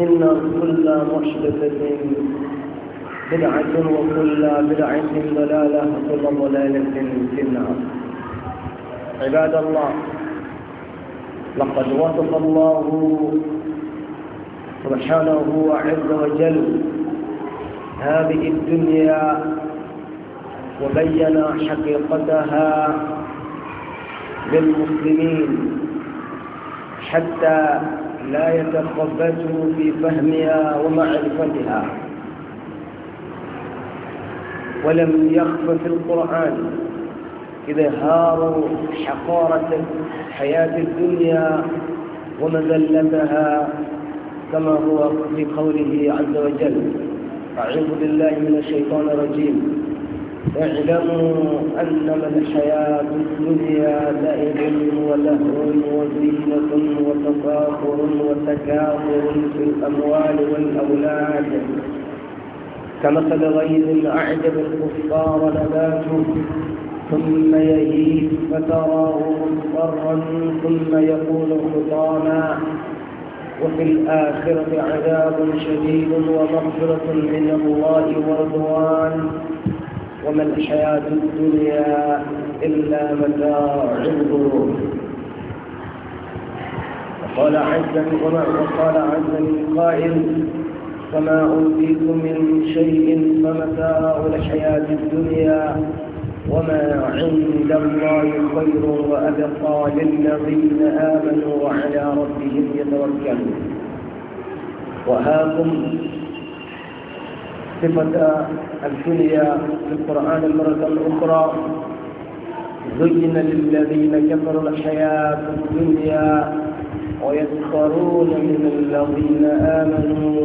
إن كل محدثة بدعة وكل بدعة ضلالة وكل ضلالة في النار عباد الله لقد وصف الله سبحانه عز وجل هذه الدنيا وبين حقيقتها للمسلمين حتى لا يتخبطوا في فهمها ومعرفتها ولم يخف في القرآن إذا هاروا حقارة حياة الدنيا ومذلتها كما هو في قوله عز وجل أعوذ بالله من الشيطان الرجيم اعلموا أنما الحياة الدنيا لعب ولهو وزينة وتفاخر وتكاثر في الأموال والأولاد كمثل غير أعجب الكفار نباته ثم يهيب فتراه مضطرا ثم يكون حطاما وفي الآخرة عذاب شديد ومغفرة من الله ورضوان وما الحياة الدنيا إلا متاع الغرور وقال عز وقال عز من قائل فما أوتيكم من شيء فمتاع الحياة الدنيا وما عند الله خير وأبقى للذين آمنوا وعلى ربهم يتوكلون وهاكم صفة الدنيا في القرآن مرة أخرى زين للذين كفروا الحياة الدنيا ويسخرون من الذين آمنوا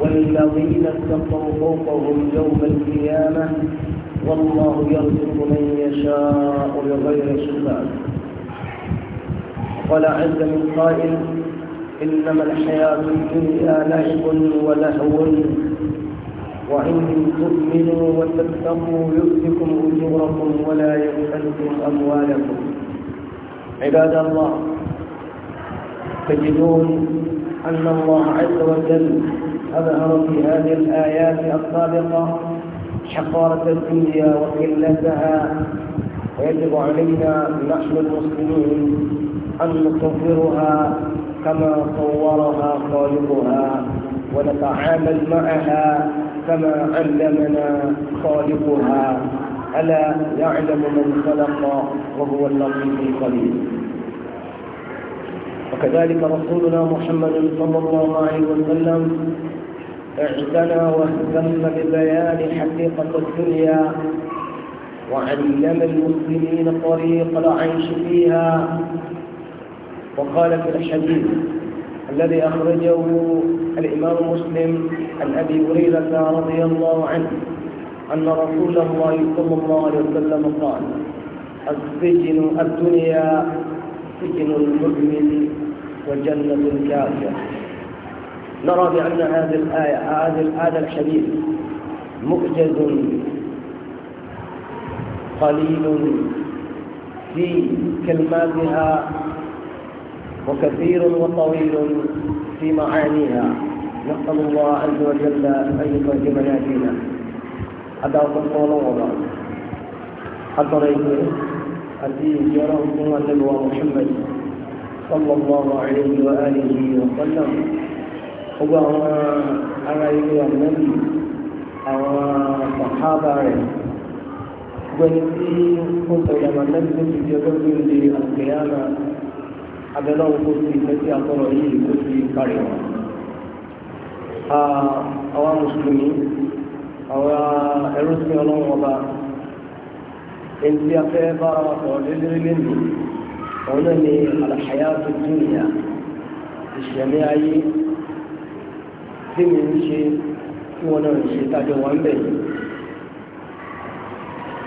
والذين اتقوا فوقهم يوم القيامة والله يرزق من يشاء بغير حساب قال عز من قائل إنما الحياة الدنيا لعب ولهو وإن تؤمنوا وتتقوا يؤتكم أجوركم ولا يسألكم أموالكم عباد الله تجدون أن الله عز وجل أظهر في هذه الآيات السابقة حقارة الدنيا وقلتها ويجب علينا نحن المسلمين أن نصورها كما صورها خالقها ونتعامل معها كما علمنا خالقها ألا يعلم من خلق وهو اللطيف القليل وكذلك رسولنا محمد صلى الله عليه وسلم اعتنى واهتم ببيان حقيقة الدنيا وعلم المسلمين طريق العيش فيها وقال في الحديث الذي أخرجه الإمام مسلم عن أبي هريرة رضي الله عنه أن رسول الله صلى الله عليه وسلم قال السجن الدنيا سجن المؤمن وجنة الكافر نرى بأن هذه الآية هذا هذا الحديث مؤجز قليل في كلماتها وكثير وطويل في معانيها نسأل الله عز وجل أن يترجمنا فينا أدعوكم صلى الله حضرت أتي جرهم النبوة محمد صلى الله عليه وآله وسلم هو أنا إلى النبي أو صحابة ونسي كنت لما نبدو في جبل القيامة abẹ́lẹ́ òkú sí ìfẹ́sí àtọ́rọ̀ yìí kó sí kárí wọn. àwa mùsùlùmí àwa ẹrú sí ọlọ́run ọba ẹni tí a fẹ́ bára wa lélẹ́rẹ́ lẹ́nu òun náà ni àlàyé tó ìṣẹ̀lẹ̀ ayé tí mi ń ṣe tí wọn náà ń ṣe tájọ wọn bẹ̀ yìí.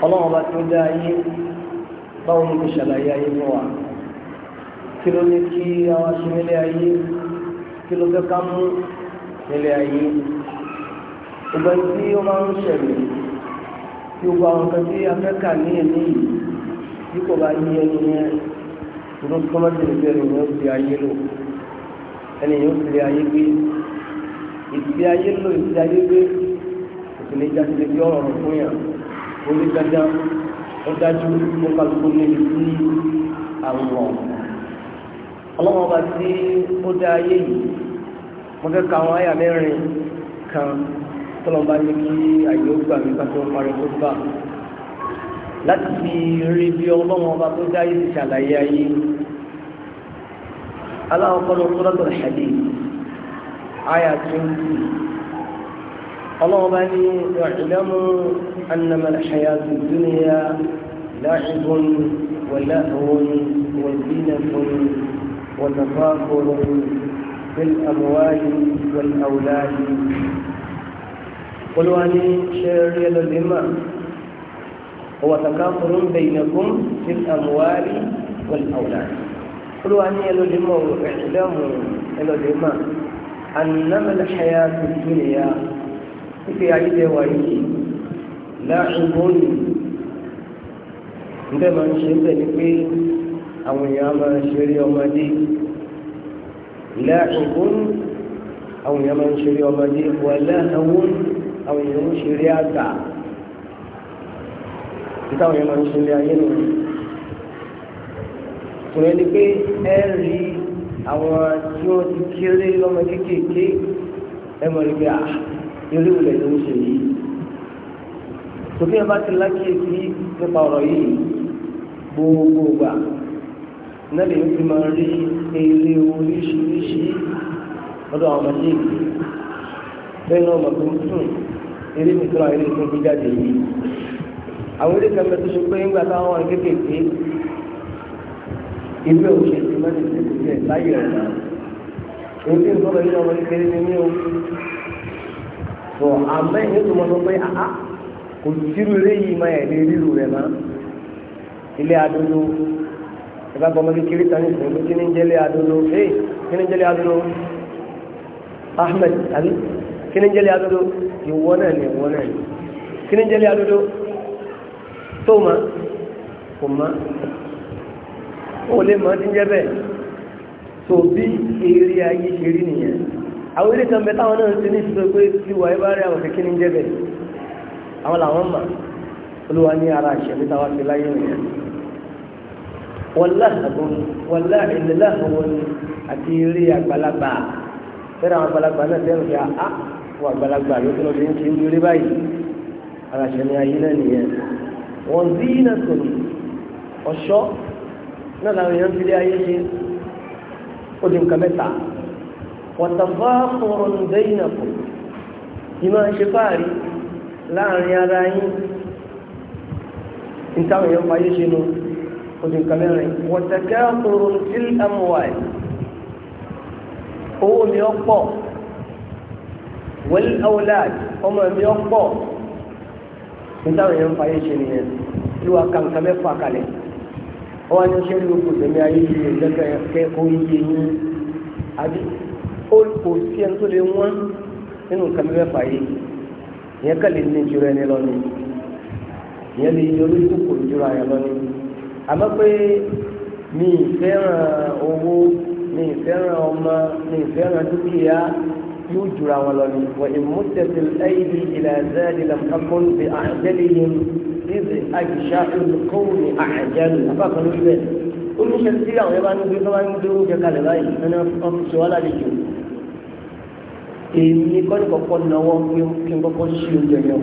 ọlọ́run ọba tó dá ayé báwo ni kò ṣàlàyé ayé fún wa kí ló ní kí àwọn aṣọ nílé ayé kí ló fẹ́ ká mú nílé ayé ìgbà tí ó máa ń ṣẹlẹ̀ tí ó gba àwọn kan tí afẹ́kà ní ẹ̀mí yìí tí kò bá yí ẹni yẹn ìdún tó máa tẹ̀lé bẹ́ẹ̀ ni ó ti ayé lò ẹni yóò ti lé ayé gbé ìdí ayé lò ìdí ayé gbé òsèlè jáde lè fi ọ̀rọ̀ fún yàn orí dandan ó dájú ó kálukú níbi tí àwọn ọ̀rọ̀ ọlọ́wọ́n ọba tí ó dá ayé yìí wọ́n fẹ́ ka àwọn àyà mẹ́rin kan tọ́lọ́mbà ní kí àyè ó gbà mí pàtó parí tó bá láti fi rí bí ọlọ́wọ́n ọba tó dá ayé ti ṣàlàyé ayé aláwọ̀ kọ́ni Suratul Hadid àyà twenty ọlọ́wọ́n bá ní ìlẹ́mú annamal hayatu dunya la'ibun wa lahwun wa zinatun. وتفاخر بالأموال والأولاد قلوا أني شاري الذمة هو تكاثر بينكم في الأموال والأولاد قلوا أني الذمة اعلموا الذمة أنما الحياة الدنيا في عيد وعيد لعب عندما نشهد بكم àwọn èèyàn máa ń ṣeré ọmọdé láàkùnkùn àwọn èèyàn máa ń ṣeré ọmọdé wọlé àwọn àwọn èèyàn ń ṣeré àgbà títí àwọn èèyàn máa ń ṣeré ayé nù. kùnrin ni pé ẹ rí àwọn tí wọ́n ti kéré lọ́mọ kéékèèké ẹ mọ̀ ní ah, eré wulẹ̀ ló ń ṣe yìí. tòkí ẹ bá ti lákìyèsí nípa ọ̀rọ̀ yìí gbogbo gbà náà lè fi máa rí ilé oríṣiríṣi lọ́dọ̀ àwọn ọmọdé yìí bẹ́ẹ̀ náà ọmọ tó ń sùn eré nìkan àwọn eré tó ń gbé jáde yìí àwọn eré kan bẹ tó ṣe pé nígbà táwọn ọmọ kéékèèké ilé òṣèlú ti máa ń ṣe ìpínlẹ̀ láyé rẹ̀ náà èyí tí nǹkan bẹ̀rẹ̀ ọmọ kékeré ni mí o bọ̀ àmọ́ ẹ̀yìn tó mọ sọ pé àá kò sírú eré yìí máa ẹ̀ lé rírù rẹ̀ náà ilé adúlú ìbá gbọmọ kékeré kan ní ìsìnkú kí ní jẹlé adolo ee kí ní jẹlé adolo Ahmed àbí kí ní jẹlé adolo ìwọ náà ni ìwọ náà ni kí ní jẹlé adolo tó ma kò ma ó lè mọ ti ń jẹ bẹ́ẹ̀ tó bí eré ayé ṣe rí nìyẹn àwọn eré kan bẹ táwọn náà ti ní ìṣòro pé tiwa ẹ bá rí àwọn kékeré ní jẹ bẹ́ẹ̀ àwọn làwọn mà olúwa ní ara ìṣẹ̀lẹ̀ táwa ti láyé nìyẹn wọlá àbọn wọlá ìlélá àwọn àti eré àgbàlagbà fẹ́rẹ̀ àwọn àgbàlagbà náà fẹ́ràn fi àá wọ àgbàlagbà lókè lọ́dún ní ti ń lórí báyìí aláṣẹ ni ayé náà nìyẹn wọn zí náà sọ̀rọ̀ ọ̀ṣọ́ náà làwọn èèyàn ti lé ayé ṣe ó di nǹkan mẹ́ta wọ̀tàfà kọ̀ọ̀rọ̀ ǹdẹ́yìn náà kù ìmọ̀ ṣe fáàrí láàrin ara yín ní èèyàn fayé ṣe nù odi nǹkan mẹ́rin wọ̀tẹ̀kẹ́ ọ̀rọ̀ sí my owó mi ọ́ pọ̀ wẹ́lí awolad ọmọ mi ọ́ pọ̀ níta àwọn èèyàn ń fàyè ṣe nìyẹn ìwà kàǹkà mẹ́fà kalẹ̀ wọ́n á ní ṣé ní gbogbo ìdẹ́mi ayé yìí lẹ́kẹ̀ kẹ́kọ̀ọ́ yìí yìí àbí ó kò sí ẹni tó lè wọ́n nínú nǹkan mẹ́fà yìí ìyẹn kàlẹ́ ní ìjọra ẹni lọ́ni ìyẹn lè yọrí kòkòrò ìjọra ẹni lọ́ni àmọ́ pé mi ì fẹ́ràn owó mi ì fẹ́ràn ọmọ mi ì fẹ́ràn dúkìá yóò jura wọn lọ ni wọ́n ìmúṣẹ́sẹ̀ ẹ̀yìn ìlànà ìlànàkùn bí àjẹ́lẹ̀ yìí ìdí àjìṣà ìlúkọ́wù ní àjẹ́lẹ̀ abákan ló bẹ̀. oníṣẹ́ tí àwọn ẹ̀ bá gbé bá ń gbé oúnjẹ kalẹ̀ báyìí ẹni wọ́n fi lálejò. èmi kọ́ ní kọ́kọ́ náwó kí n kọ́kọ́ ṣí oúnjẹ yẹn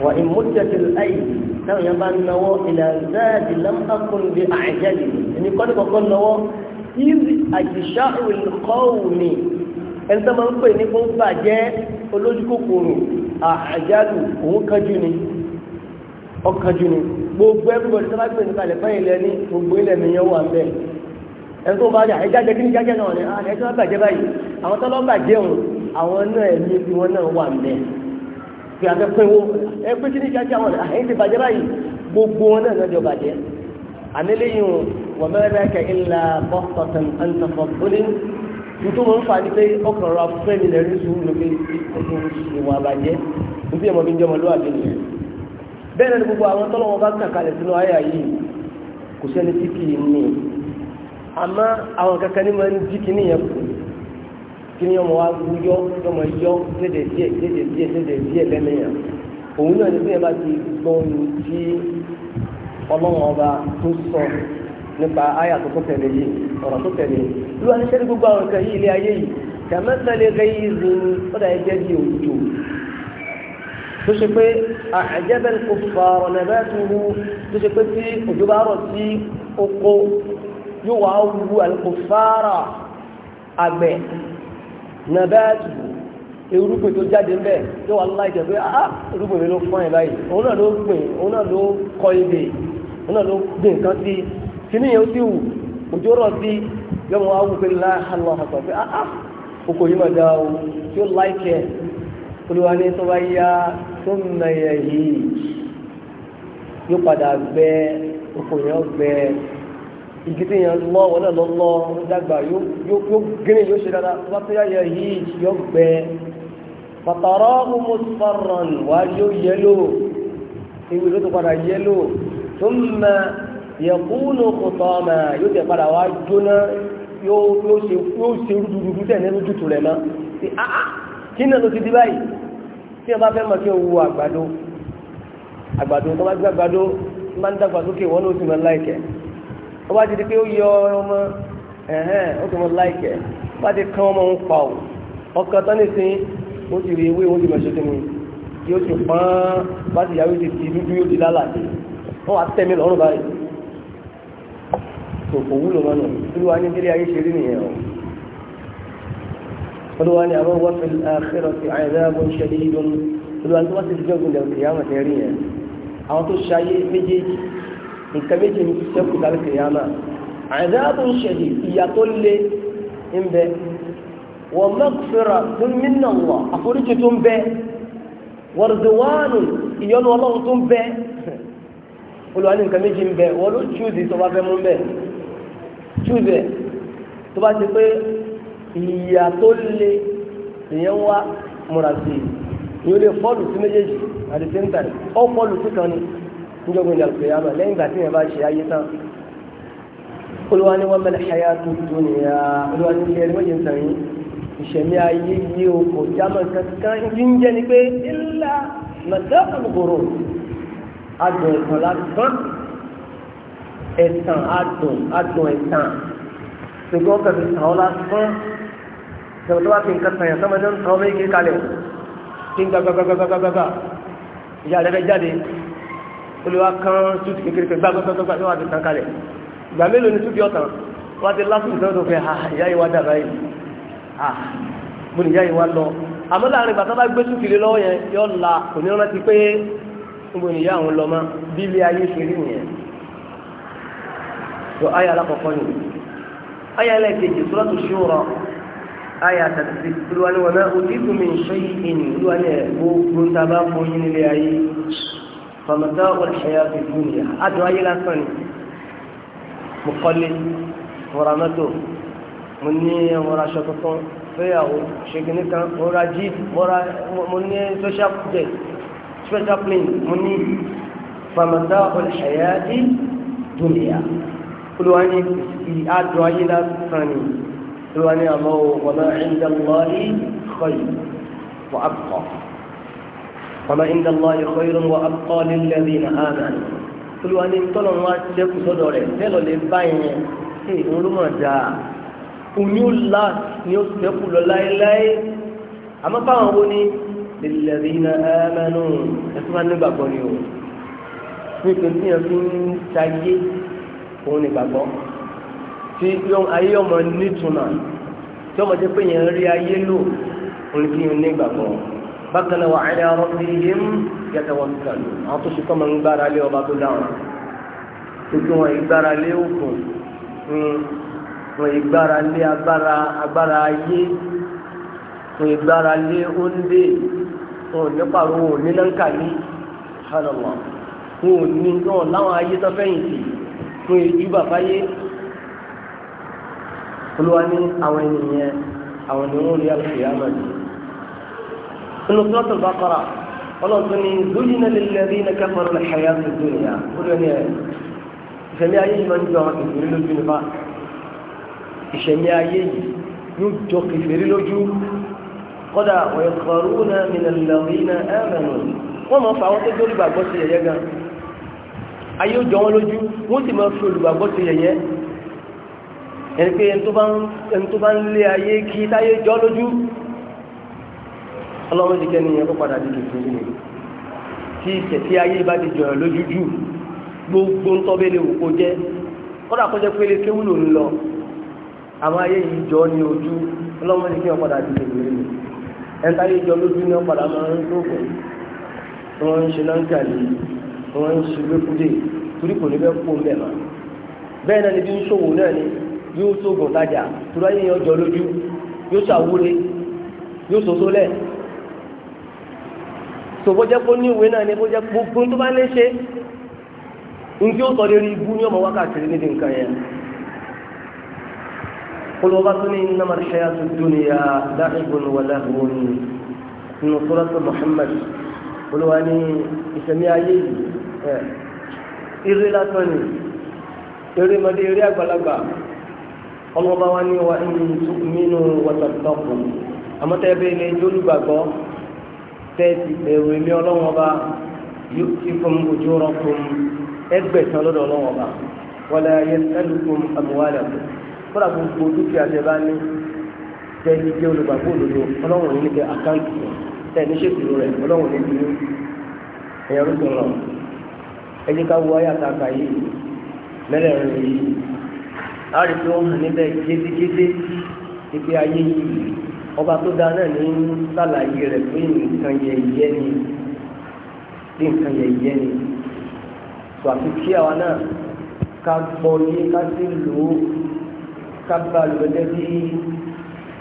wọ́n ìmúṣẹ́sẹ̀ ẹ̀yìn táwọn yẹn bá náwó ìlà záàdì lámpákùn bí àjálì ẹni kọ́ni kọ́kọ́ náwó ìrì àjìṣà ìlkọ́wùmí ẹni tó máa ń pè ní kó ń bàjẹ́ olójúkòkòrò àjálù òun kanjú ni ọkanjú ni gbogbo everybody tó bá gbé nípa ilẹ̀ fẹ́yìn lẹ́ni gbogbo ilẹ̀ mi yẹn wà bẹ́ẹ̀ ẹni tó bá jà ẹja jẹ kí ni náà ni ah, ẹni tó bá bàjẹ́ báyìí àwọn tó lọ́ bàjẹ́ òun àwọn náà ẹ̀mí tí wọ́n náà wà bẹ́ẹ̀ fi àfẹ́ pé wo ẹ pé kí ni kí á kí àwọn àyìn ti bàjẹ́ báyìí gbogbo wọn náà lọ́jọ́ bàjẹ́ àníléyìn wọ́n mẹ́rẹ́ kẹ́ ńlá bọ́kọ̀tàn ẹ̀ńtọ́fọ́ bólí tuntun mọ̀ ń fa ni pé ọkàn rà fún mi lẹ́rú sùúrù lókè ẹ̀sìn ìwà bàjẹ́ níbi ẹ̀mọ́ mi ń jẹ́ ọmọlúwàbí nìyẹn bẹ́ẹ̀ náà ni gbogbo àwọn tọ́lọ́wọ́ bá kà kalẹ̀ sínú ayà yìí kò sẹ́ni tí kì í ní àmọ́ àwọn kankan ní máa ń dí kí níyẹn kù kí ni ọmọ wa wúyọ kí ọmọ yọ léde díẹ̀ léde díẹ̀ léde díẹ̀ lẹ́mẹ̀yà òun náà ní bẹ́ẹ̀ bá ti gbọ́n lu tí ọlọ́run ọba tó sọ nípa àyà tó tó tẹ̀lé yìí ọ̀rọ̀ tó tẹ̀lé lu aníṣẹ́ ní gbogbo àwọn nǹkan yìí ilé ayé yìí kàmẹ́tẹ̀lẹ́ gẹ́yì zin ọ̀dà ẹ̀jẹ̀ di òjò tó ṣe pé àjẹbẹ́ni kò fà ọ̀nà ẹ̀bẹ́ tó wú tó ṣe pé tí òjò bá rọ̀ sí oko yóò wá wú àlùkò fáárà àgbẹ̀ na irúgbìn tó jáde ń bẹ̀ tó wà láì jẹ́ pé ah irúgbìn mi ló fọ́n ẹ̀ báyìí òun náà ló gbìn òun náà ló kọ ebè òun náà ló gbìn nǹkan sí i kíní yẹn ó sì wù sí pé pé o tí igi tí yẹn lọ wọn náà lọ lọ ó dàgbà yóò gírí yóò ṣe dáadáa tó bá tó yáyà yìí yóò gbẹ pàtàrọ mùsùlùmí wà yóò yẹlò ìwé ló tó padà yẹlò tó mọ yẹkúnù kòtò ọmọ yóò tẹ padà wá jóná yóò ṣe yóò ṣe rúdurùdu tẹ nínú tutù rẹ náà ti áá kí náà ló ti di báyìí tí wọn bá fẹ́ mọ̀ kí wọn àgbàdo àgbàdo tó bá gbé àgbàdo máa ń dàgbà sókè wọn ló ti máa láìkẹ́ ó bá ti di pé ó yọ ọmọ ẹ̀hẹ́n ó tó mọ láìkẹ́ bá ti kán ọmọ òun pa ò ọkàn tán nìsín ó ti rí ewé òun ti mọ̀ṣẹ́ kínní yóò ti pọ́n bá ti yàwó ti ti dúdú yóò ti lálàdé wọ́n wá tẹ́mi lọ́rùn báyìí tó kò wúlò mọ́nà olúwa ní ilé ayé ṣe rí nìyẹn o olúwa ní àwọn wọ́n fi àkẹ́rọ̀ sí àìdáàbò ń ṣẹlẹ̀ yìí lónìí olúwa ní wọ́n ti dúdú ọ̀gbìn lẹ́wọ̀n ìyá àwọn tẹ́rí yẹn àwọn tó ṣayé méjèèjì nǹkan méjì ní sẹ́kù tàbí kìyàmà àdáàbùn ṣẹ̀dì ìyà tó lé ń bẹ wọ́n mẹ́kùfẹ́ra tó mínà wà àforíjì tó ń bẹ wọ́rọ̀dọ̀wánù ìyọnu ọlọ́run tó ń bẹ olùwà ní nǹkan ń bẹ wọ́n ló chúùzì tó bá fẹ́ mú bẹ chúùzì tó bá ti pé ìyà tó lé ìyẹn wá múra sí i ìyẹn lè fọ́ọ̀lù sí méjèèjì àti sẹ́ńtà ọ̀ fọ́ọ̀lù sí kan ni níjọba ìlà ìpèyàmà lẹ́yìn ìgbà tí yẹn bá ṣe ayé tán olúwa ni wọ́n mẹ́lẹ̀ ṣayá tó tó nìyà olúwa ni ilé ẹ̀rọ yẹn tàn yín ìṣẹ̀mí ayé yí o kò jámọ̀ kankan jíjẹ́ ni pé ńlá màdá àgbòrò adùn ẹ̀tàn lásán ẹ̀tàn adùn adùn ẹ̀tàn ṣùgbọ́n kẹfì tàn ọ́ lásán ṣùgbọ́n tó bá fi nǹkan tàn yàn sọ́mọdé ń tàn ọ́ méjì kalẹ̀ kí n gbàgbàgbàgbàgbàgbà ìyá rẹ̀ fẹ́ jáde olùwà kan tútù kékeré kan gbàgbàgbàgbà ní wàá ti tàn kalẹ̀ ni tútù ọ̀tàn wọ́n ti lásìkò ha ìyá yìí wá ha mo ní ìyá yìí wá lọ àmọ́ láàrin ìgbà tó bá gbé tútù lé lọ́wọ́ yẹn yọ la kò ní rántí pé mo ní ìyá àwọn lọ mọ́ bí ilé ayé ṣe rí ni ayé alákejì Suratu Shura ayé àtàtì olùwà ni wọn náà òtítù fàmàtà ọ̀ṣẹ́yà fífún yà adùn ayé lásán ni mo kọ́lé mo ra mọ́tò mo ní mo ra aṣọ tuntun fẹ́yàwó ṣègìní kan mo ra jeep mo ní social jet special plane mo ní fàmàtà ọ̀ṣẹ́yà fífún yà olùwà adùn ayé lásán ni olùwà àmọ́ wọn náà ń dẹ́ lọ́ọ́ yìí kọ́ yìí wọ́n á kọ́ ọmọ ìdá lọ ìkọ irun wa akọ lílẹ̀ bí nà áàmì olúwa ní tọ́lọ̀ wá ṣẹ́kù sọ́dọ̀ rẹ̀ tẹ́lọ̀ lè bá yẹn ṣe òun ló mọ̀ dáa òní ó là ní ó ṣẹ́kù lọ wo ni lílẹ̀ bí nà áàmì nù ẹ̀sùn wa ni o ní ìpín tí yẹn fi ń ṣayé òun nígbàgbọ́ tí ayé ọmọ nítumọ̀ tí ọmọ jẹ́ pé yẹn rí ayé lò òun kí yẹn nígbàgbọ́ bákan náà wa ala rabbihim yatawakkalun àwọn tó ṣùkọ́ máa ń gbára lé ọba tó dáhùn tuntun wọn ìgbára lé òkun wọn ìgbára lé agbára agbára ayé wọn ìgbára lé oúnjẹ wọn ò wọn ò ní lọ́nkà ní ṣàlọ́wọ́ wọn ò ní náà láwọn ayé tó fẹ̀yìntì wọn èjú bàbá yé olúwa ní àwọn ènìyàn àwọn ènìyàn rí àpèyàmọ̀ yìí nínú sọ́tò bá kọ́ra ọlọ́run ní zúyìnà lẹ́lẹ́rí ní kẹfọ́rọ́ ní ṣẹ̀yà tó dúnìyà ó lọ ní ẹ̀ ìṣẹ̀mí ayé yìí máa ń jọ àwọn kẹfìrí lójú nípa ìṣẹ̀mí ayé yìí yóò jọ kẹfìrí lójú kọ́dà ọ̀yọ̀kọ̀rúnà mìnàlẹ́rìnà ẹ̀rẹ̀nù wọ́n máa fa àwọn tó dórí gbàgbọ́ sí yẹ̀yẹ́ gan ayé ó jọ wọn lójú wọ́n sì máa fi olùgbàgbọ́ sí yẹ̀yẹ́ ẹni pé ẹni tó bá ń lé ayé kí táyé jọ lójú ọlọ́run ti kẹ́ni ẹ̀kọ́ padà di kìfún sí ni tí ìtẹ̀tí ayé bá ti jọ̀rọ̀ lójú jù gbogbo ń tọ́bẹ̀ lè wò kó jẹ́ kọ́dà kó jẹ́ pélé kéwù ló ń lọ àwọn ayé yìí jọ ní ojú ọlọ́run ti kí wọ́n padà di kìfún sí ni ẹ̀ńtà yìí jọ lójú ní ọ̀padà máa ń lóògùn wọ́n ń ṣe lọ́ńkà yìí wọ́n ń ṣe lókùdé torí kò ní fẹ́ kó ń bẹ̀ ni bí ń ni yóò ṣògùn tajà torí ayé yẹn jọ lójú yóò ṣàwúre tó bó jẹ́ kó ní ìwé náà ni bó jẹ́ gbogbo tó bá ní ṣe njí ó sọ lórí ibú ní ọmọ wákàtí ní di nǹkan yẹn olùwọ́bá tó ní iná máa ṣe àti dúnìyà láìbùn wàlá òun nínú sọ́lọ́tọ̀ Muhammad olùwà ní ìṣẹ̀mí ayé ẹ̀ eré lásán ni eré mọ́dé eré àgbàlagbà ọlọ́ba wa ní wa ń tún mínú wọ́tàtọ́kù àmọ́tẹ́ bẹ́ẹ̀ ni jólúgbàgbọ́ tẹ́ẹ̀tì ẹ̀rù èmi ọlọ́wọ́n ọba yóò ti fún ẹgbẹ̀sán lọ́dọ̀ ọlọ́wọ́n ọba wọlé ayé ẹlùkùn fúnra gbogbo dúkìá tẹ bá ní tẹ́ẹ̀tì jẹ́ olùgbàgbọ́ òdodo ọlọ́wọ́n ní kẹ àkáǹtì tẹ́ẹ̀ rẹ̀ ọlọ́wọ́n ní ká yìí hàn níbẹ̀ ọba tó da náà ní sàlàyé rẹ̀ pé nǹkan yẹ̀yẹ́ ni pé nǹkan yẹ̀yẹ́ ni tó àti kí àwa náà ká gbọ́ yé ká sì lò ó ká bá lò ó dẹ́bí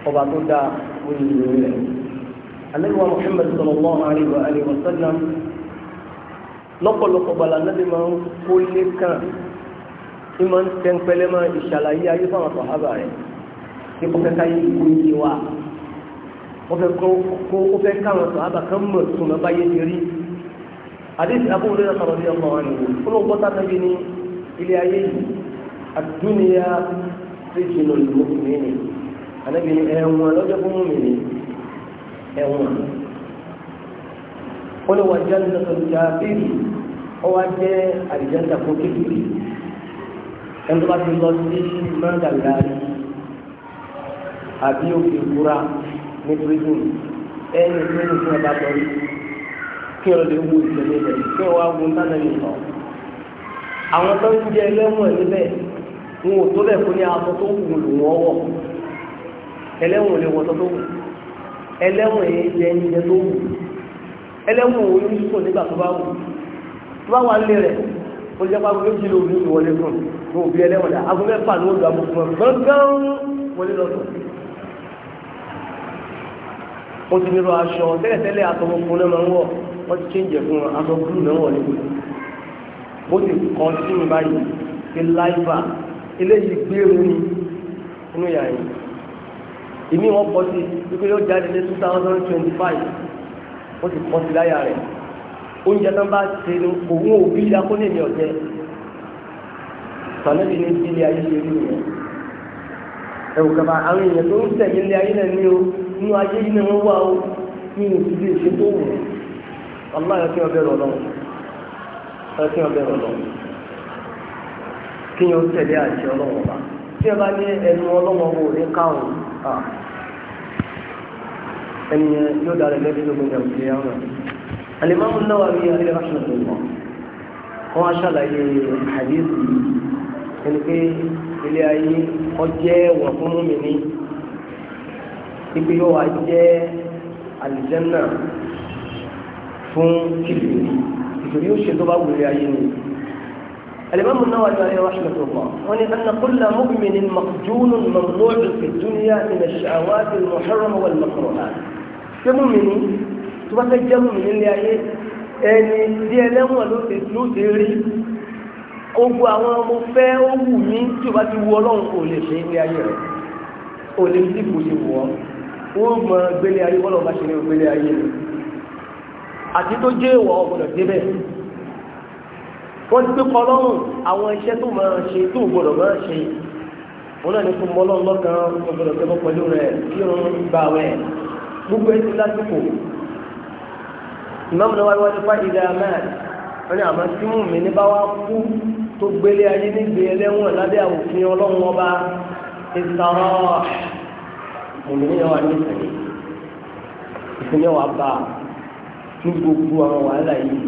ọba tó da òyìn lò rẹ̀. Ànábì wa Muhammad sallallahu alaihi wa alihi wa sallam lọ́pọ̀lọpọ̀ bala náà lè máa ń kó lé kàn ní máa ń tẹ́ńpẹ́lẹ́ máa ìṣàlàyé ayé fáwọn àtọ̀hábà rẹ̀ nípa kẹ́kẹ́ yìí kó yé wa wọ́n fẹ́ kó ó fẹ́ káwọn sọ àbàkan mọ̀ tún lọ báyé ti rí àdéhùn Abu Hurairah sọ̀rọ̀ ní ọmọ wa nìyí ó ló ń gbọ́ sáfẹ́ bí ní ilé ayé yìí àdúnìyà fèjì ló lù mọ́kù mí ni ànábi ní ẹ̀wọ̀n lọ́jọ́ fún mi ni ẹ̀wọ̀n ó lè wà jẹ́ nígbà tó ń ja bíbí ó wá jẹ́ àdìjẹ́ńdà fún kékeré ẹni tó bá ti lọ sí mọ́ńdàlá àbí òkè kúra ní prison ẹni tí wọ́n fún ọba tọ́lú kí wọ́n lè wo ìṣẹ̀lẹ̀ rẹ̀ kí wọ́n wá wo nánà mi sọ. àwọn tó ń jẹ ẹlẹ́wọ̀n níbẹ̀ ń wò tó bẹ̀ fún ní aṣọ tó wù lù wọ́n wọ̀ ẹlẹ́wọ̀n lè wọ́n tó tó wù ẹlẹ́wọ̀n yẹn jẹ ẹnìyẹn tó wù ẹlẹ́wọ̀n wo ló ń sùn nígbà tó bá wù tó bá wà lé rẹ̀ ó jẹ́ pàgọ́ méjì ló ń wọlé fún un ní òbí ẹlẹ́wọ̀n dà agbọ́n mẹ́fà ló ń gbà ó ti nírú aṣọ tẹ́lẹ̀tẹ́lẹ̀ aṣọ funfun náà máa ń wọ̀ wọ́n ti ṣéǹjẹ̀ fún wọn aṣọ búlù náà wọ̀ níbo bó ti kọ́ sí mi báyìí ti láìpà eléyìí gbéru ni inú yàrá yìí ìmí wọn kọ́ sí wípé yóò jáde ní two thousand twenty five ó ti kọ́ sí láyà rẹ̀ oúnjẹ náà bá ṣe ni òun òbí ya kó ní èmi ọ̀jẹ́ sànẹ́bí ní ìdílé ayé ṣe rí nìyẹn ẹ̀wù kaba àwọn èèyàn tó ń tẹ̀lé ilé ayé náà ní o nínú ayé yìí náà wọ́n wá o ní ìdílé ìṣe tó wù ọlá yọ kí ọbẹ̀ rọ̀ lọ yọ kí ọbẹ̀ rọ̀ lọ kí yọ tẹ̀lé àṣẹ ọlọ́wọ́ bá tí ẹ bá ní ẹnu ọlọ́wọ́ wò ní káwọn ẹni yẹn yóò dára lẹ́bí ló gbọ́dọ̀ ìdílé àwọn náà alimami náwà ní alẹ́ rásùlùmọ́ wọn aṣàlàyé àdéhùn ẹni pé ilé ayé ọjẹ́ wọ̀ fún mi ní ibi yóò wá jẹ́ àlìjẹ́nà fún kìlìrì kìlìrì yóò ṣe tó bá wùlé ayé ni. الإمام النووي عليه رحمة الله قال أن كل مؤمن مقجون ممنوع في الدنيا من الشهوات المحرمة والمكروهات كمؤمن تبقى جمع من اللي هي يعني دي أنا لو تسلو تيري ogun àwọn ọmọ fẹ́ ó wù mí tí o bá ti wu ọlọ́run kò lè ṣe ilé ayé rẹ̀ o lè fi kò ṣe wọ̀ ọ́ ó mọ gbélé ayé wọ́n lọ́ọ́ bá ṣe ní gbélé ayé rẹ̀ àti tó jẹ́ ìwọ̀ ọ̀gbọ̀dọ̀ débẹ̀ wọ́n ti pé kọ́ lọ́rùn àwọn iṣẹ́ tó máa ṣe tó gbọ́dọ̀ máa ṣe wọn náà ní kó mọ ọlọ́run lọ́kàn ọ̀gbọ̀dọ̀ tẹ́kọ̀ pẹ̀lú rẹ̀ kí wọ́n gbà wẹ̀ gbogbo ẹ̀ ti lásìkò ìmọ̀mù náà wáyé wáyé fáyé ìdá mẹ́rin wọ́n ní àmọ́ tó gbélé ayé nígbè ẹlẹ́wọ̀n lábẹ́ àwòfin ọlọ́run ọba ìsàrọ̀ ìmìnira yẹn wà ní ìsẹ̀lẹ̀ ìsẹ̀lẹ̀ wà bá ní gbogbo àwọn wàhálà yìí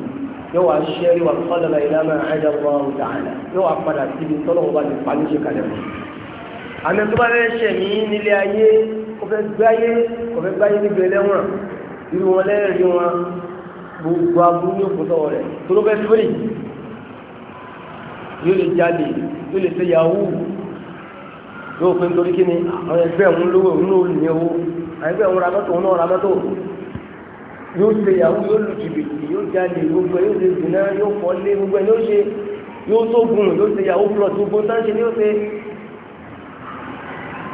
yóò wá ṣẹ́rí wà kọ́lọ̀lọ̀ ìlànà ẹ̀dá wọn ọ̀dà àná yóò wá padà síbi tọ́lọ́wọ́ bá ti pa ṣe kalẹ̀ mọ́. àmì tó bá fẹ́ ṣẹ̀ mí nílé ayé kò fẹ́ gbáyé kò fẹ́ gbáyé nígbè ẹlẹ́wọ̀n irú wọn lẹ́rìí wọn gbogbo abúlé òkútọ̀ rẹ̀ tó ló fẹ́ yóò lè jalè yóò lè ṣe yahoo yóò pé nítorí kí ni àwọn ẹgbẹ́ òun lówó òun ló ní owó àwọn ẹgbẹ́ òun ra mọ́tò òun náà ra mọ́tò yóò ṣe yahoo yóò lu jìbìtì yóò jalè gbogbo yóò ṣe dùnà yóò fọ́lé gbogbo yóò ṣe yóò sógun yóò ṣe yahoo plus gbogbo náà ni yóò ṣe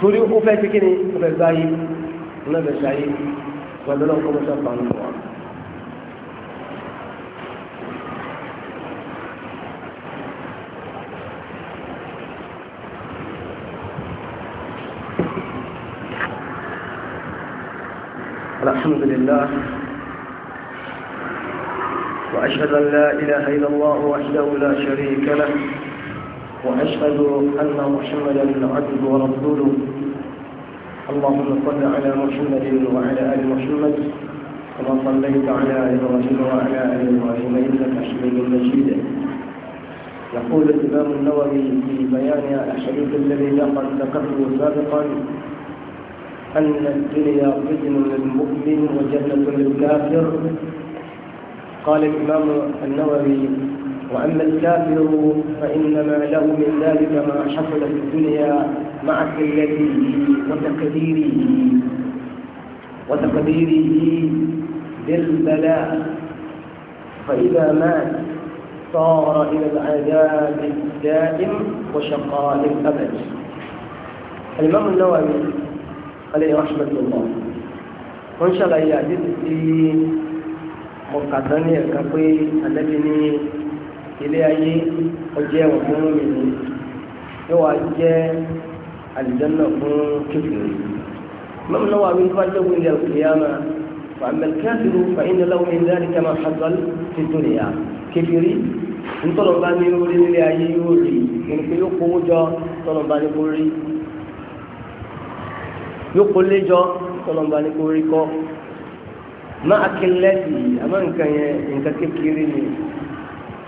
torí ó fẹ́ ṣe kí ni ó fẹ́ gbáyé ó náà fẹ́ ṣáyé pẹ̀lú ọlọ́kọ́ mọ́ṣáfà ń الحمد لله وأشهد أن لا إله إلا الله وحده لا شريك له وأشهد أن محمدا عبده ورسوله اللهم صل على محمد وعلى آل محمد كما صليت على إبراهيم وعلى آل إبراهيم إنك حميد مجيد يقول الإمام النووي في بيان الحديث الذي لقد ذكرته سابقا أن الدنيا قسم للمؤمن وجنة للكافر قال الإمام النووي وأما الكافر فإنما له من ذلك ما حصل في الدنيا مع قلته وتقديره وتقديره بالبلاء فإذا مات صار إلى العذاب الدائم وشقاء الأبد الإمام النووي alẹ́ rahmatullah wọ́n ṣàlàyé àdéhùn sí mọ̀kàtà ní ẹ̀ka pé àdẹ́bí ní ilé ayé ọjọ́ ẹ̀wọ̀n fún mi ni yóò wá jẹ́ àlìjánná fún kékeré mọ́mú náà wà wí fún adéhùn ilé al-qiyama فأما الكافر فإن له من ذلك ما حصل في الدنيا كفري ń tọ́lọ̀ bá ní orí nílé ayé yóò rí ìrìnkè yóò kówó jọ tọ́lọ̀ bá ní kó rí yóò kó léjọ tọ́lọ́mbà ní kó rí kọ́ má akínlẹ́sì àmọ́ nǹkan yẹn nǹkan kékeré ni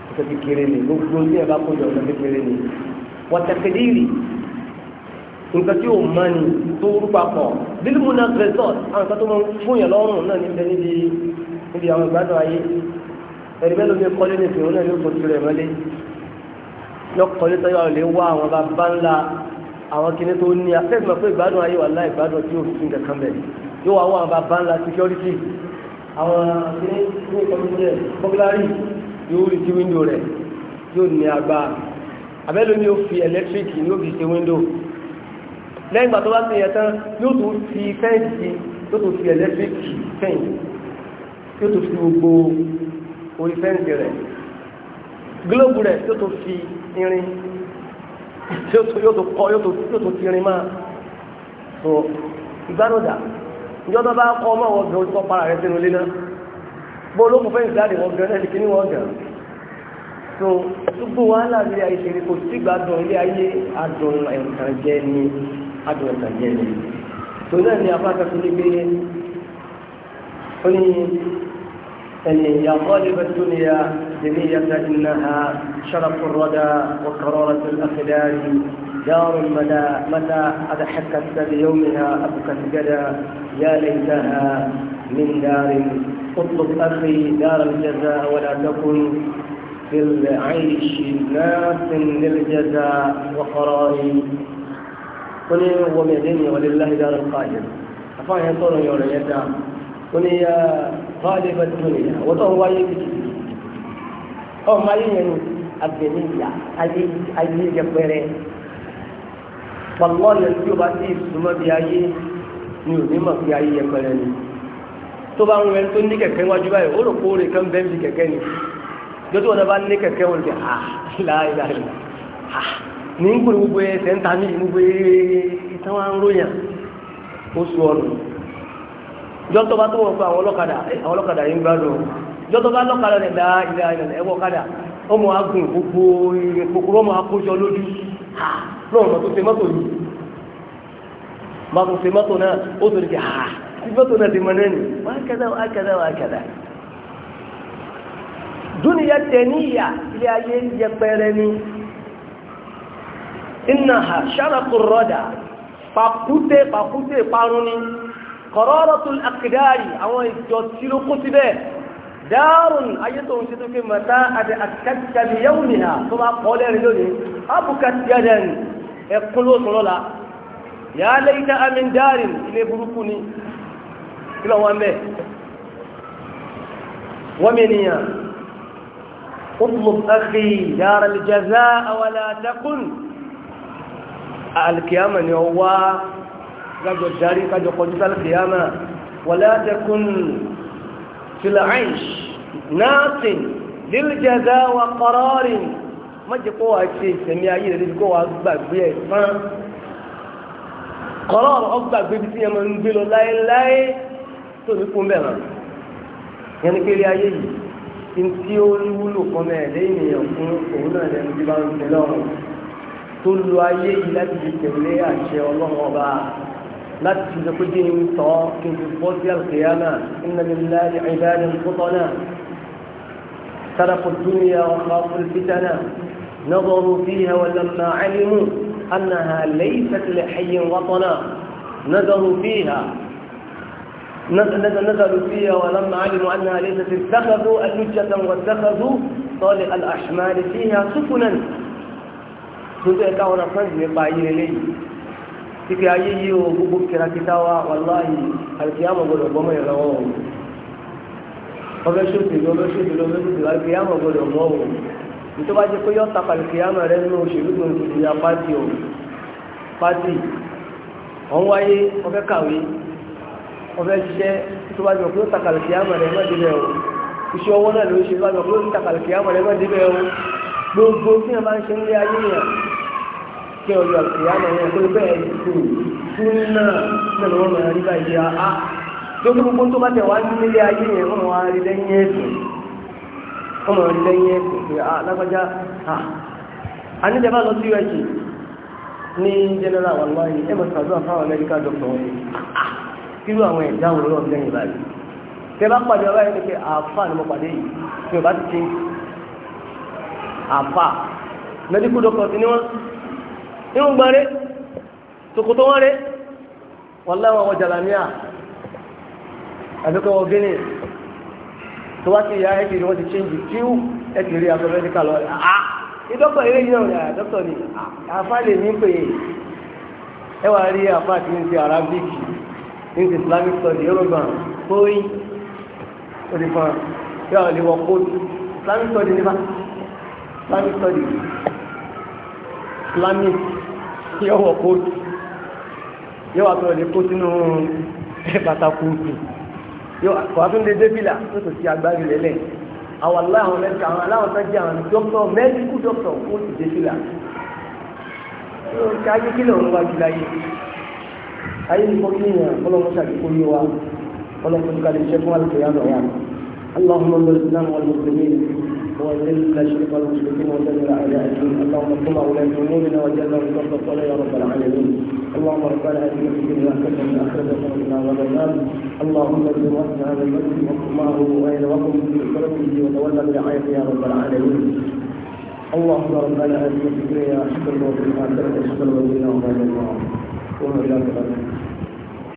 nǹkan kékeré ni gbogbo ní ẹ̀bá kó jọ nǹkan kékeré ni wọ́tẹ̀kẹ́dìrì nǹkan tí ò má ni tó rú papọ̀ bílímù náà resort àwọn nǹkan tó máa ń fún yẹn lọ́rùn náà níbi níbi níbi àwọn ìgbádùn ayé ẹ̀rí mẹ́lòó ní kọ́lé ní ìfihàn náà ní oṣù tirẹ̀ mọ́lé lọ́kọ̀ọ́lé tọ́jú àwọn ilé wá àwọn bàbá ńlá àwọn kìíní tó ní afẹ́gbẹ́ fún ìgbádùn ayé wà láì gbádùn tí ó fi nǹkan kan bẹ̀ yóò wá wọn àbá bá ńlá security àwọn kìíní ní ìkọ́mílẹ̀ bọ́gílárì yóò rí sí window rẹ̀ yóò ní agbá abẹ́lú ni ó fi electric ni ó fi ṣe wíńdò lẹ́yìn ìgbà tó bá ṣe yẹn tán yóò tún fi fẹ́ǹsì yóò tún fi electric fẹ́ǹsì yóò tún fi gbogbo orí fẹ́ǹsì rẹ̀ gílóòbù rẹ̀ yóò tún fi irin yóò tó yóò tó kọ́ yóò tó yóò tó tirin máa so ìgbàlódà ìjọ tó bá kọ́ ọmọ wọn gan ojúkọ́ para rẹ sínú ilé náà bó olókùn fẹ́ ìsìláàdì wọn gan ẹni kíní wọn gan so gbogbo wàhálà ilé ayé ṣe kò sí gbádùn ilé ayé adùn ẹ̀ǹkan jẹ ni adùn ẹ̀ǹkan jẹ ni so náà ni apá kan tó ní gbé ó ní ẹni ìyàwó ọdẹ tó ní ya. الحاتمية إنها شرف الردى وقرارة الأخدار دار المدى متى أضحكت بيومها أبكت جدا يا ليتها من دار اطلب أخي دار الجزاء ولا تكن في العيش ناس للجزاء وقراري قل ومعدني ولله دار القادر أفاهم طول يوم يدا قل يا غالب الدنيا وطهو يبكي ọmọ ayé yẹn ni àgbẹ̀mí ìyá ayé ayé yẹpẹrẹ pàlọ́ yẹn tí o bá ti súnmọ́ bí ayé ni ò ní mọ̀ bí ayé yẹpẹrẹ ni tó bá ń wẹ tó ní kẹ̀kẹ́ wájú báyìí ó rò pé oore kan bẹ́ẹ̀ bí kẹ̀kẹ́ ni jọ́tò wọn bá ní kẹ̀kẹ́ wọn ti hà láìláì hà ní ń gbòòrò gbogbo ẹsẹ̀ ń ta ní gbogbo ìtàn wa ń ròyìn ó sọ ọ̀nà jọ́tò bá tó wọ̀ pé àwọn ọlọ́kadà àwọn ọlọ́kadà yìí ń gbádùn lọ́tọ́ bá lọ́kadà rẹ̀ dáa ilẹ̀ ayẹ̀lẹ̀ ẹ̀wọ̀ kadà ọmọ agun gbogbo ìrìn kòkòrò ọmọ akójọ lójú ha lọ́rùn mọ́tò ṣe mọ́tò yìí mọ́tò ṣe mọ́tò náà ó tó dìde ha tí mọ́tò náà ti mọ́ náà nì wá kẹ́dà wá kẹ́dà wá kẹ́dà. dúnìyà tẹ̀níyà ilé ayé yẹpẹrẹ ni iná ha ṣàràkù rọ́dà pàkúté pàkúté parun ni kọ̀rọ̀rọ̀ tó àkìdáyì àwọn ìjọ tí ló kó síbẹ̀ dáàrùn ayé tó ń ṣe tó fi mọ̀tá àti àkẹ́kẹ́lì yẹ́wù nìyà tó bá kọ́ lẹ́rìn lónìí abùkàtìyàdẹ̀n Ya ló amin la yà á lẹ́yìn náà àmì ni kí lọ́wọ́ ń bẹ̀ wọ́n mi nìyà اطلب أخي دار الجزاء ولا تكن القيامة يوى قد جاري قد قدس القيامة ولا تكن في العيش ناس للجزاء وقرار ما جقوا هالشيء سمي عيد اللي جقوا أكبر بيه قرار أكبر بيه بسيا من بلو لا لا تنكم بها يعني كيري عيد ntí ó ń wúlò fún ẹ lẹ́yìn èèyàn fún òun náà lẹ́nu tí bá ń يا lọ́rùn الله لا fi الدين من ní sọ kí n القيامة إن لله عباد iná سرقوا الدنيا وخافوا fútọ́nà نظروا فيها ولما علموا أنها ليست لحي وطنا نظروا فيها نزلوا فيها ولما علموا أنها ليست اتخذوا ألجة واتخذوا طالق الأحمال فيها سفنا كنت يقعون فرد يقعين kíkẹ́ ayé yìí o gbogbo kìrakìtà wa wàláhì àlùkìyàmọ̀ gbọdọ̀ gbọ́mọ̀ yẹn lọ́wọ́ o ọbẹ̀ ṣòṣèlú ọbẹ̀ ṣòṣèlú ọbẹ̀ ṣòṣèlú àlùkìyàmọ̀ gbọdọ̀ gbọ́ o nítorí wájú pé yọ̀ọ́ tapa àlùkìyàmọ̀ rẹ nínú òṣèlú tó ń tutù ya pátì o pátì ọ̀n wáyé ọbẹ̀ kàwé ọbẹ̀ ṣiṣẹ́ nítorí wájú pé yọ̀ọ́ àlùkìyàmọ̀ rẹ má débẹ̀ o iṣẹ́ kí ọjọ́ àtìyá náà yẹn pé bẹ́ẹ̀ tó fún náà náà ni wọ́n máa rí báyìí ya ah, á ah. tó kí gbogbo tó bá tẹ̀ wá nílé ayé yẹn wọ́n máa rí lẹ́yìn ẹ̀sìn wọ́n máa rí lẹ́yìn ẹ̀sìn pé á ah, lágbájá á àníjẹba lọ sí ẹ̀jì ní general wàlúwàyí ẹ̀ mọ̀ sàdúrà fáwọn Amẹ́ríkà dọ́kítọ̀ wọn irú àwọn ẹ̀dá wọn lọ́wọ́ lẹ́yìn báyìí tẹ bá pàdé ọba yẹn ni pé àáfà ni mo pàdé yìí tí o bá ti ṣe àáfà mẹdíkù dọ́kítọ̀ ti ní wọn irun gbọ́n Tukutu tòkòtò wọn rẹ̀ wọ́n láwọn ọmọ jàlámíà àbíkọ́ wọn gíní tó wá sí ìyá ẹ̀ kiri wọ́n ti ṣéǹjì tíú ẹ̀ kiri àpò mẹ́díkà lọ rẹ̀ ah ìdọ́kọ̀ eré yìí náà rẹ̀ dọ́kọ̀ ni àfa lè ní pè é wà rí àfa àti ní ti Arabic ní ti Islamic study yorùbá tóyí ó ti fún yà ó lè wọ kóòtù Islamic study nípa Islamic study Islamic yọ́wọ̀ kóòtù yọ́wà tó lè kó sínú bàtà kóòtù yọ́wà tó lè débìlà tó tó ti agbárí lẹ́lẹ̀ àwọn aláwọn mẹ́ta àwọn aláwọn tó jẹ́ àwọn dókítọ̀ mẹ́díkù dókítọ̀ kó ti débìlà ká ayé kí lòun wá jù láyé ayé ní kó kí yẹn ọlọ́mọ ṣàkókò yé wa ọlọ́mọ ṣàkókò yé wa ọlọ́mọ ṣàkókò yé wa اللهم انصر الاسلام والمسلمين وإذل المشرق والمشركين ودمر أعداء الدين اللهم صل على جنوبنا وجلنا وصلت الصلاة يا رب العالمين اللهم ربنا آتنا في الدنيا حسنة وآخرة حسنة وعذاب النار اللهم اجعل وقت هذا المسجد وقماه وغير وقم في صلاته وتولى برعايته يا رب العالمين اللهم ربنا آتنا في الدنيا حسنة وفي الآخرة حسنة وقنا عذاب يا رب العالمين